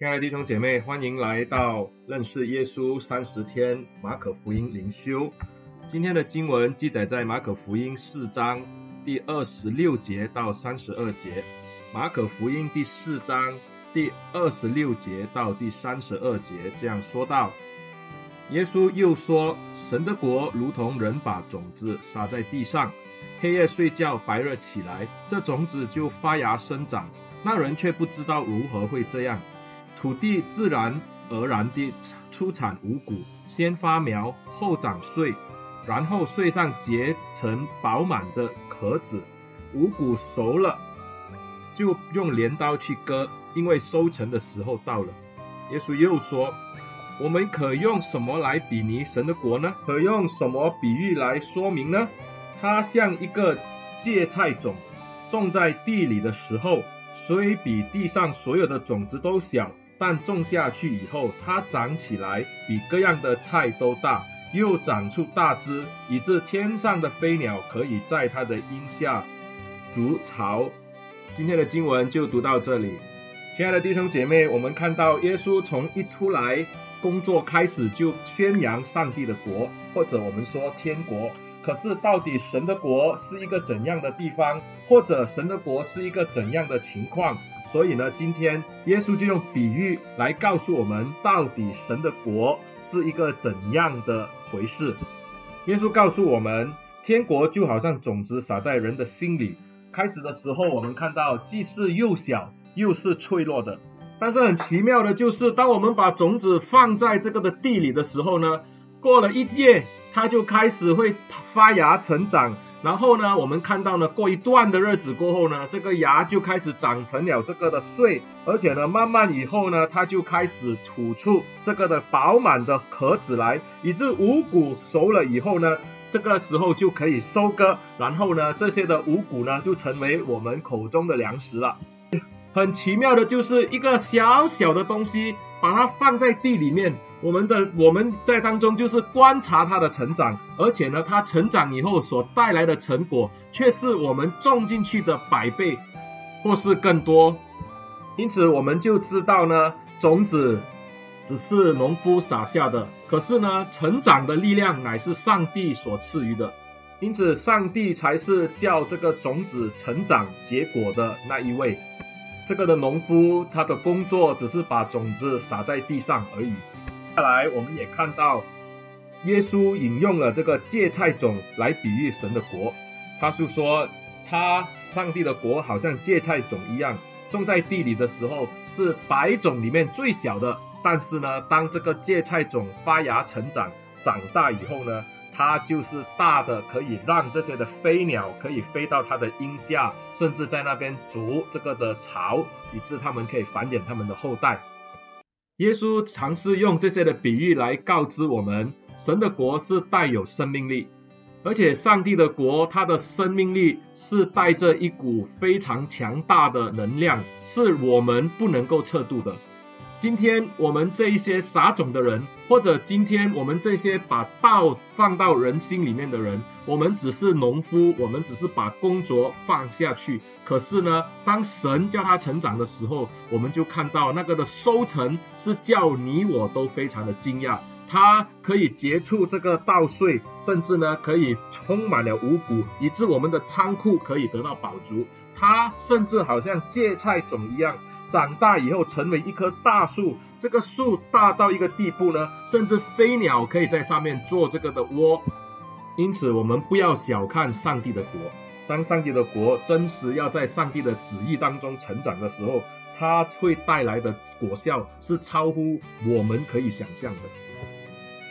親愛的弟兄姐妹，歡迎來到認識耶穌三十天馬可福音靈修。今天的經文記載在馬可福音四章第二十六節到三十二節。馬可福音第四章第二十六節到第三十二節這樣說道，耶穌又說，神的國如同人把種子撒在地上，黑夜睡覺，白日起來，這種子就發芽生長，那人卻不知道如何會這樣。土地自然而然地出產五穀，先發苗，後長穗，然後穗上結成飽滿的殼子。五穀熟了，就用鐮刀去割，因為收成的時候到了。耶穌又說：“我們可用什麼來比擬神的國呢？可用什麼比喻來說明呢？它像一個芥菜種，種在地裡的時候，雖比地上所有的種子都小。”但種下去以後，它長起來比各樣的菜都大，又長出大枝，以致天上的飛鳥可以在它的蔭下築巢。今天的經文就讀到這裡。親愛的弟兄姐妹，我們看到耶穌從一出來工作開始，就宣揚上帝的國，或者我們說天國。可是到底神的國是一個怎樣的地方，或者神的國是一個怎樣的情況？所以呢，今天耶穌就用比喻來告訴我們，到底神的國是一個怎樣的回事。耶穌告訴我們，天國就好像種子撒在人的心裡，開始的時候我們看到既是幼小又是脆弱的，但是很奇妙的就是，當我們把種子放在這個的地裡的時候呢，過了一夜。它就開始會發芽成長，然後呢，我們看到呢，過一段的日子過後呢，這個芽就開始長成了這個的穗，而且呢，慢慢以後呢，它就開始吐出這個的飽滿的殼子來，以致五穀熟了以後呢，這個時候就可以收割，然後呢，這些的五穀呢，就成為我們口中的糧食了。很奇妙的就是一個小小的東西，把它放在地裡面，我們的我們在當中就是觀察它的成長，而且呢，它成長以後所帶來的成果卻是我們種進去的百倍或是更多。因此我們就知道呢，種子只是農夫撒下的，可是呢，成長的力量乃是上帝所賜予的。因此上帝才是叫這個種子成長結果的那一位。這個的農夫，他的工作只是把種子撒在地上而已。接下來，我們也看到，耶穌引用了這個芥菜種來比喻神的國。他是說，他上帝的國好像芥菜種一樣，種在地裡的時候是百種裡面最小的。但是呢，當這個芥菜種發芽、成長、長大以後呢，它就是大的，可以讓這些的飛鳥可以飛到它的蔭下，甚至在那邊築這個的巢，以致他們可以繁衍他們的後代。耶穌嘗試用這些的比喻來告知我們，神的國是帶有生命力，而且上帝的國它的生命力是帶着一股非常強大的能量，是我們不能夠測度的。今天我們這一些撒種的人，或者今天我們這些把道放到人心裡面的人，我們只是農夫，我們只是把工作放下去。可是呢，當神叫他成長的時候，我們就看到那個的收成是叫你我都非常的驚訝。他可以結出這個稻穗，甚至呢可以充滿了五穀，以致我們的倉庫可以得到飽足。他甚至好像芥菜種一樣。長大以後成為一棵大樹，這個樹大到一個地步呢，甚至飛鳥可以在上面做這個的窩。因此，我們不要小看上帝的國。當上帝的國真實要在上帝的旨意當中成長的時候，它會帶來的果效是超乎我們可以想象的。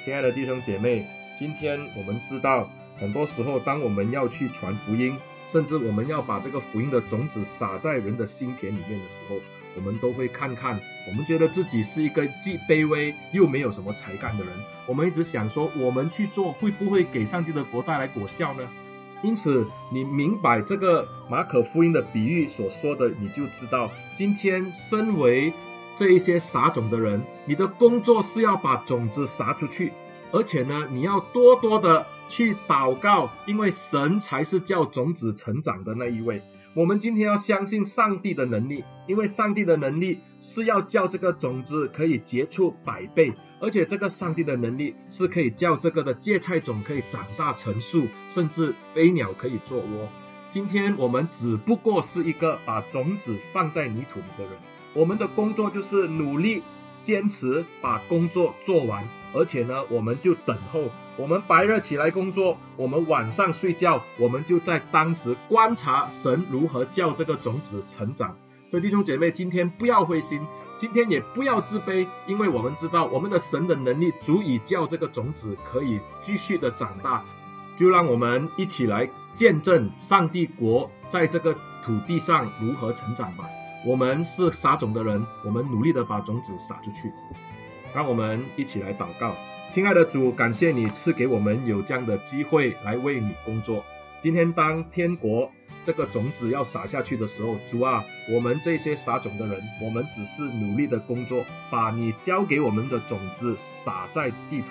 親愛的弟兄姐妹，今天我們知道，很多時候當我們要去傳福音，甚至我們要把這個福音的種子撒在人的心田裡面的時候，我們都會看看，我們覺得自己是一個既卑微又沒有什麼才幹的人。我們一直想說，我們去做會不會給上帝的國帶來果效呢？因此，你明白這個馬可福音的比喻所說的，你就知道，今天身為這一些撒種的人，你的工作是要把種子撒出去，而且呢，你要多多的去禱告，因為神才是叫種子成長的那一位。我們今天要相信上帝的能力，因為上帝的能力是要叫這個種子可以結出百倍，而且這個上帝的能力是可以叫這個的芥菜種可以長大成樹，甚至飛鳥可以做窩。今天我們只不過是一個把種子放在泥土裡的人，我們的工作就是努力堅持把工作做完。而且呢，我們就等候。我們白日起來工作，我們晚上睡覺，我們就在當時觀察神如何叫這個種子成長。所以弟兄姐妹，今天不要灰心，今天也不要自卑，因為我們知道我們的神的能力足以叫這個種子可以繼續的長大。就讓我們一起來見證上帝國在這個土地上如何成長吧。我們是撒種的人，我們努力的把種子撒出去。讓我們一起來禱告，親愛的主，感謝你賜給我們有這樣的機會來為你工作。今天當天國這個種子要撒下去的時候，主啊，我們這些撒種的人，我們只是努力的工作，把你交給我們的種子撒在地土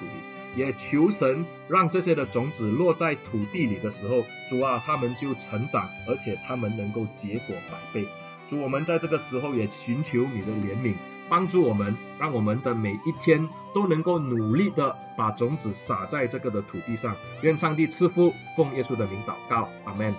裡，也求神讓這些的種子落在土地裡的時候，主啊，他們就成長，而且他們能夠結果百倍。主，我們在這個時候也尋求你的憐憫。幫助我們，讓我們的每一天都能夠努力的把種子撒在這個的土地上。願上帝賜福，奉耶穌的名禱告，阿門。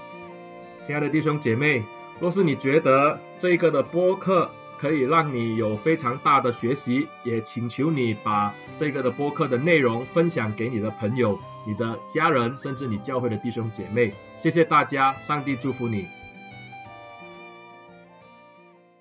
親愛的弟兄姐妹，若是你覺得這個的播客可以讓你有非常大的學習，也請求你把這個的播客的內容分享給你的朋友、你的家人，甚至你教會的弟兄姐妹。謝謝大家，上帝祝福你。